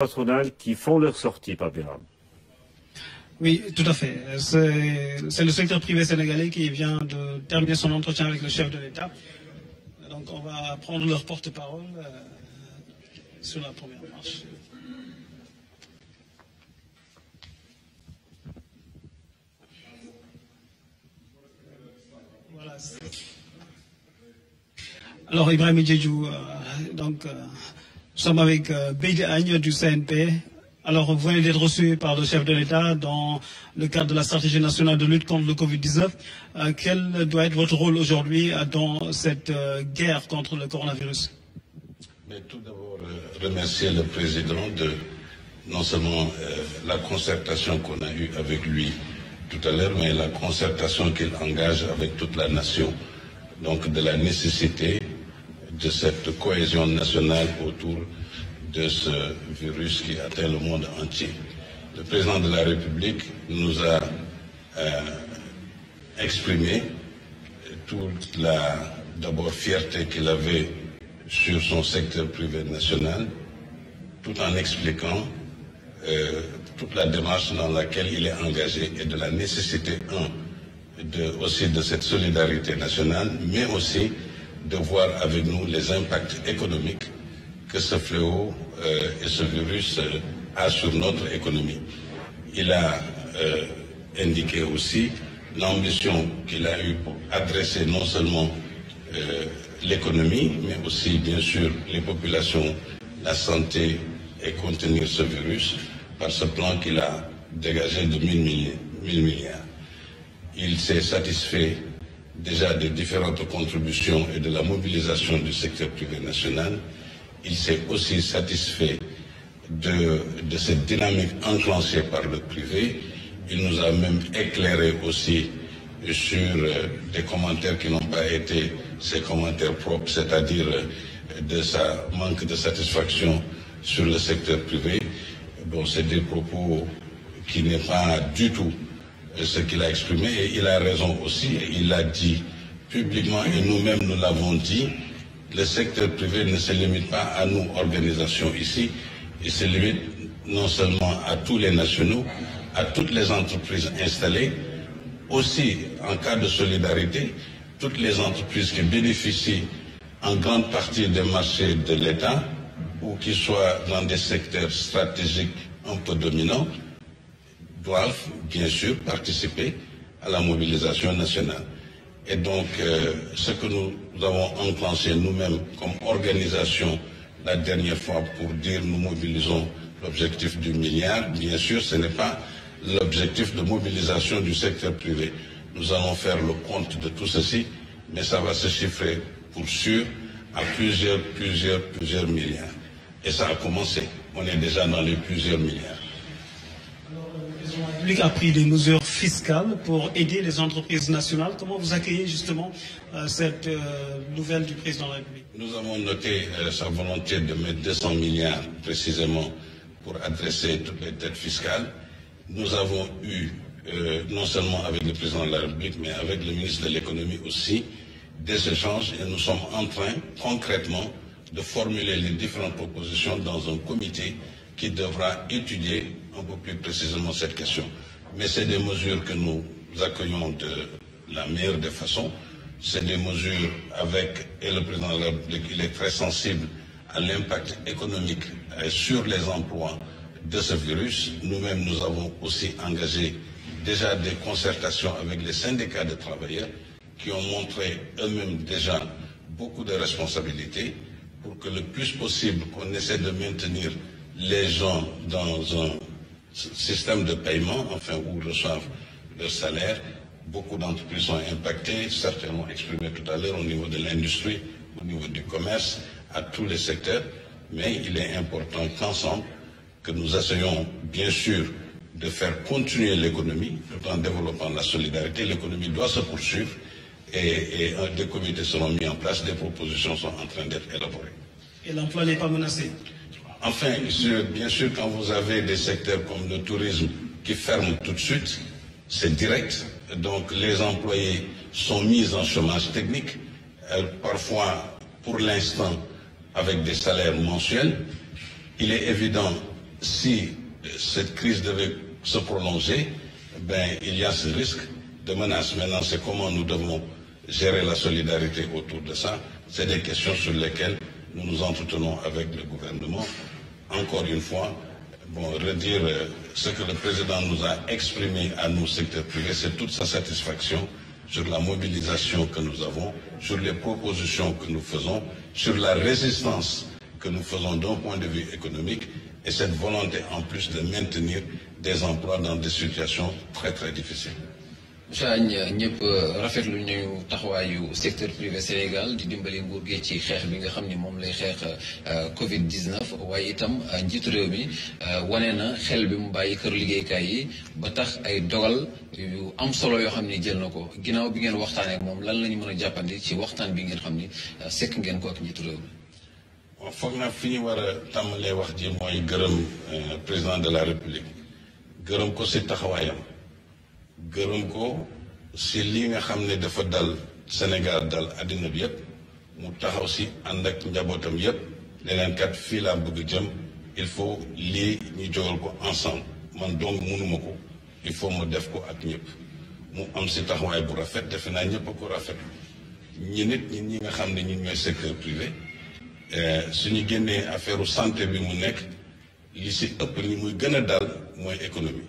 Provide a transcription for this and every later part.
patronales qui font leur sortie, Papéram. Oui, tout à fait. C'est le secteur privé sénégalais qui vient de terminer son entretien avec le chef de l'État. Donc on va prendre leur porte-parole euh, sur la première marche. Voilà. Alors Ibrahim Djedjou, euh, donc... Euh, nous sommes avec euh, Bédé Agne du CNP. Alors, vous venez d'être reçu par le chef de l'État dans le cadre de la stratégie nationale de lutte contre le Covid-19. Euh, quel doit être votre rôle aujourd'hui euh, dans cette guerre contre le coronavirus Tout d'abord, remercier le président de non seulement la concertation qu'on a eue avec lui tout à l'heure, mais la concertation qu'il engage avec toute la nation. Donc, de la nécessité de cette cohésion nationale autour de ce virus qui atteint le monde entier. Le président de la République nous a euh, exprimé toute la d'abord fierté qu'il avait sur son secteur privé national, tout en expliquant euh, toute la démarche dans laquelle il est engagé et de la nécessité, un, aussi de cette solidarité nationale, mais aussi de voir avec nous les impacts économiques que ce fléau euh, et ce virus euh, a sur notre économie. Il a euh, indiqué aussi l'ambition qu'il a eue pour adresser non seulement l'économie, mais aussi bien sûr les populations, la santé et contenir ce virus par ce plan qu'il a dégagé de 1000 milliards. Il s'est satisfait déjà de différentes contributions et de la mobilisation du secteur privé national. Il s'est aussi satisfait de, de cette dynamique enclenchée par le privé. Il nous a même éclairé aussi sur euh, des commentaires qui n'ont pas été ses commentaires propres, c'est-à-dire euh, de sa manque de satisfaction sur le secteur privé. Bon, c'est des propos qui n'est pas du tout ce qu'il a exprimé et il a raison aussi, il l'a dit publiquement et nous-mêmes nous l'avons dit, le secteur privé ne se limite pas à nos organisations ici, il se limite non seulement à tous les nationaux, à toutes les entreprises installées, aussi en cas de solidarité, toutes les entreprises qui bénéficient en grande partie des marchés de l'État ou qui soient dans des secteurs stratégiques un peu dominants, doivent bien sûr participer à la mobilisation nationale. Et donc, euh, ce que nous avons enclenché nous-mêmes comme organisation la dernière fois pour dire nous mobilisons l'objectif du milliard, bien sûr, ce n'est pas l'objectif de mobilisation du secteur privé. Nous allons faire le compte de tout ceci, mais ça va se chiffrer pour sûr à plusieurs, plusieurs, plusieurs milliards. Et ça a commencé. On est déjà dans les plusieurs milliards a pris des mesures fiscales pour aider les entreprises nationales. Comment vous accueillez justement euh, cette euh, nouvelle du président de la République Nous avons noté euh, sa volonté de mettre 200 milliards précisément pour adresser toutes les dettes fiscales. Nous avons eu, non seulement avec le président de la République, mais avec le ministre de l'économie aussi, des échanges et nous sommes en train concrètement de formuler les différentes propositions dans un comité qui devra étudier beaucoup plus précisément cette question. Mais c'est des mesures que nous accueillons de la meilleure des façons. C'est des mesures avec, et le président de la il est très sensible à l'impact économique euh, sur les emplois de ce virus. Nous-mêmes, nous avons aussi engagé déjà des concertations avec les syndicats de travailleurs qui ont montré eux-mêmes déjà beaucoup de responsabilités pour que le plus possible qu'on essaie de maintenir les gens dans un système de paiement, enfin, où reçoivent leur salaire, beaucoup d'entreprises sont impactées, certainement exprimé tout à l'heure, au niveau de l'industrie, au niveau du commerce, à tous les secteurs. Mais il est important qu'ensemble, que nous essayons, bien sûr, de faire continuer l'économie tout en développant la solidarité. L'économie doit se poursuivre et des comités seront mis en place, des propositions sont en train d'être élaborées. Et l'emploi n'est pas menacé Enfin, bien sûr, quand vous avez des secteurs comme le tourisme qui ferment tout de suite, c'est direct. Donc les employés sont mis en chômage technique, euh, parfois pour l'instant avec des salaires mensuels. Il est évident, si cette crise devait se prolonger, ben, il y a ce risque de menace. Maintenant, c'est comment nous devons gérer la solidarité autour de ça. C'est des questions sur lesquelles nous nous entretenons avec le gouvernement. Encore une fois, redire euh, ce que le président nous a exprimé à nos secteurs privés, c'est toute sa satisfaction sur la mobilisation que nous avons, sur les propositions que nous faisons, sur la résistance que nous faisons d'un point de vue économique et cette volonté en plus de maintenir des emplois dans des situations très très difficiles. Moussa Agne ñëpp rafetlu nañu taxawaayu secteur privé Sénégal di dimbali nguur gi ci xeex bi nga xam ni moom lay xeex Covid 19 waaye itam njiitu réew mi wane na xel bi mu bàyyi kër liggéeykaay yi ba tax ay dogal yu am solo yoo xam ni jël na ko ginnaaw bi ngeen waxtaanee ak moom lan la ñu mën a jàppandi ci waxtaan bi ngeen xam ni sekk ngeen ko ak njiitu réew mi. waaw foog naa fi ñu war a tàmmalee wax ji mooy gërëm président de la république gërëm ko si taxawaayam. gërëm ko si lii nga xam ne dafa dal Sénégal dal àddina bi yëpp mu taxaw si ànd ak njabootam yëpp leneen kat fii laa bëgg jëm il faut lii ñu jógal ko ensemble man donc mënuma ko il faut ma def ko ak ñëpp mu am si taxawaay bu rafet defe naa ñëpp ko rafet ñi nit ñi ñi nga xam ne ñun ñooy secteur privé eh, suñu génnee affaire santé bi mu nekk li si ëpp ñu muy gën a dal mooy économie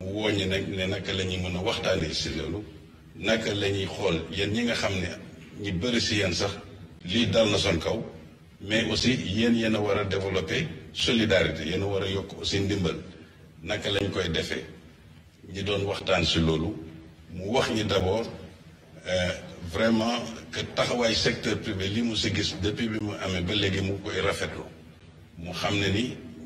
mu wooñu nag ne naka la ñuy mën a waxtaanee si loolu naka la xool yéen ñi nga xam ne ñi bëri si yéen sax lii dal na son kaw mais aussi yéen yéen a war a développer solidarité yéen a war a yokk aussi ndimbal naka lañ koy defee ñi doon waxtaan si loolu mu wax ñi d'abord euh, vraiment que taxawaay secteur privé li mu si gis depuis bi mu amee ba léegi mu koy rafetlu mu xam ne ni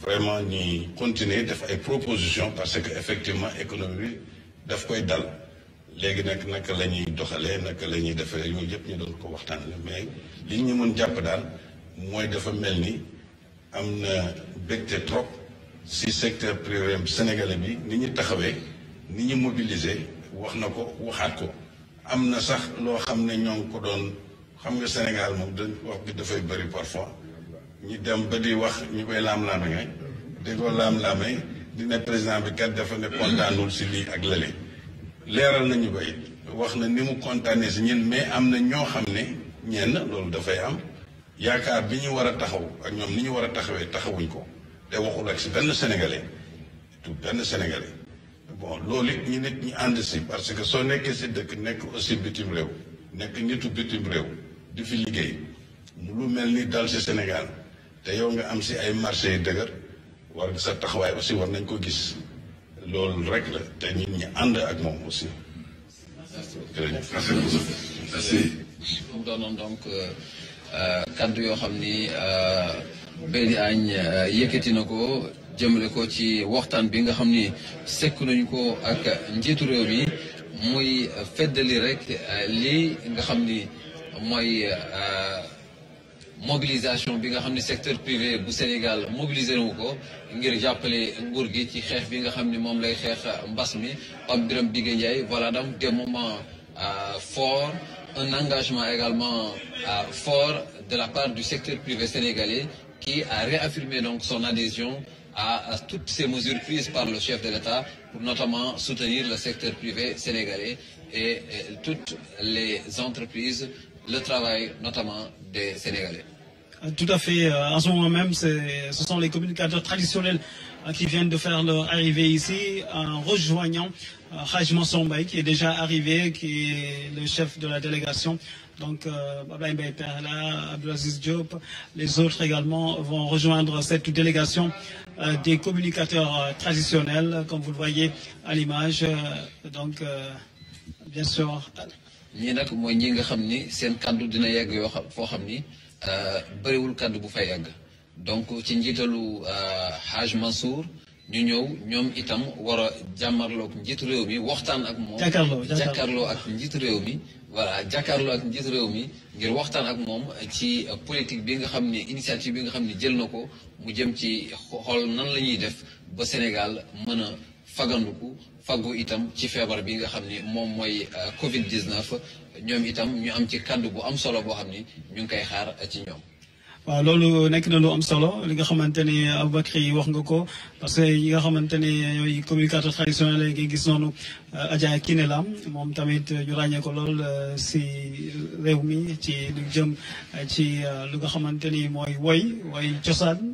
vraiment ni continuer def ay propositions parce que effectivement économie daf koy dal légui nak nak lañuy doxalé nak lañuy la ñuy defee ñu doon ko waxtaanee mais li ñu mën japp dal moy dafa melni amna bekté trop si secteur privé sénégalais bi ni ñi taxawé ni ñi mobiliser wax nako ko waxaat ko am sax lo xamné ne ko doon xam nga Sénégal moom dañ wax bi dafay bari parfois. ñi dem ba di wax ñu koy laam-laame nga di ko laam-laame di ne président bi kat dafa ne kontaanul si lii ak lële leeral nañu ko it wax na ni mu kontaanee si ñen mais am na ñoo xam ne ñenn loolu dafay am yaakaar bi ñu war a taxaw ak ñoom ni ñu war a taxawee taxawuñ ko te waxul ak si benn sénégalais tout benn sénégalais bon loolu it ñu nit ñi ànd si parce que soo nekkee si dëkk nekk aussi bitim réew nekk nitu bitim réew di fi liggéey lu mel ni dal si Sénégal te yow nga am si ay marché yu dëgër war sa taxawaay aussi war nañ ko gis loolu rek la te nit ñi ànd ak moom aussi. mu donc euh, kaddu yoo xam ni euh, Bédi Agne euh, yëkkati na ko jëmale ko ci waxtaan bi nga xam ni sekk nañu ko ak njiitu réew yi muy feddali rek lii nga xam ni mooy. mobilisation bi nga xamni secteur privé au Sénégal mobiliser nous ko ngir jàppale nguur gi ci bi nga xamni mom lay mi voilà donc des moments euh, forts un engagement également euh, fort de la part du secteur privé sénégalais qui a réaffirmé donc son adhésion à, toutes ces mesures prises par le chef de l'État pour notamment soutenir le secteur privé sénégalais et toutes les entreprises le travail notamment des Sénégalais. Euh, tout à fait. Euh, en ce moment même, ce sont les communicateurs traditionnels euh, qui viennent de faire leur arrivée ici en rejoignant Haj Sombay qui est déjà arrivé, qui est le chef de la délégation. Donc, Perla, Diop, les autres également vont rejoindre cette délégation des communicateurs traditionnels, comme vous le voyez à l'image. Donc, bien sûr, ñii nag mooy ñi nga xam ni seen kàddu dina yegg yoo xam foo xam ni euh, bëriwul kàddu bu fay yegg donc ci njiitalu euh, Haj Mansour ñu ñëw ñoom itam war a jàmmarloog réew mi waxtaan ak moom ak njiitu réew mi voilà jàkkaarloo ak njiitu réew mi ngir waxtaan ak moom ci politique bi nga xam ni initiative bi nga xam ni jël na ko mu jëm ci xool nan la ñuy def ba Sénégal mën a faganduku faggu itam ci feebar bi nga xam ni moom mooy euh, Covid 19 ñoom itam ñu am ci kàddu bu am solo boo xam ni ñu ngi koy xaar ci ñoom. waaw loolu nekk na lu am solo li nga xamante ni Aboubacry wax nga ko parce que ñi nga xamante ni ñooy communicateur traditionnel yi ngi gis noonu euh, Adja Kiné Lam moom tamit ñu ràññee ko lool euh, si réew mi ci lu jëm ci lu nga xamante ni mooy woy woy cosaan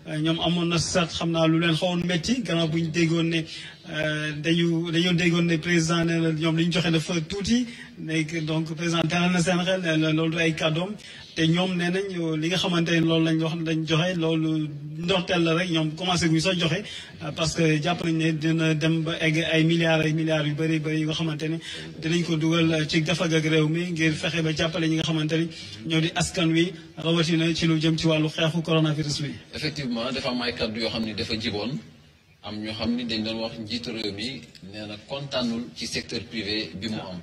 ñoom amoon na saat xam naa lu leen xawoon métti gannaaw bu ñu déggoon ne euh, dañu dañoo déggoon ne président ne ñoom li ñu joxe dafa tuuti donc président teral na seen xel loolu du ay kàddoom te ñoom nee nañ euh, li nga xamante ne loolu lañ wax lañ joxe loolu ndorteel la rek ñoom commencé guñ soo joxe euh, parce que jàpp nañ ne dina dem ba egg ay milliards ay milliards yu bëri bëri yu nga xamante ne dinañ ko dugal euh, ci gafag ak réew mi ngir fexe ba jàppale ñi nga xamante ni ñoo di askan wi rawatina ci lu jëm ci wàllu xeexu coronavirus bi. effectivement dafa am ay kàddu yoo xam ne dafa jiboon am ñoo xam ni dañ doon wax njiitu réew mi nee na kontaanul ci secteur privé bi mu am.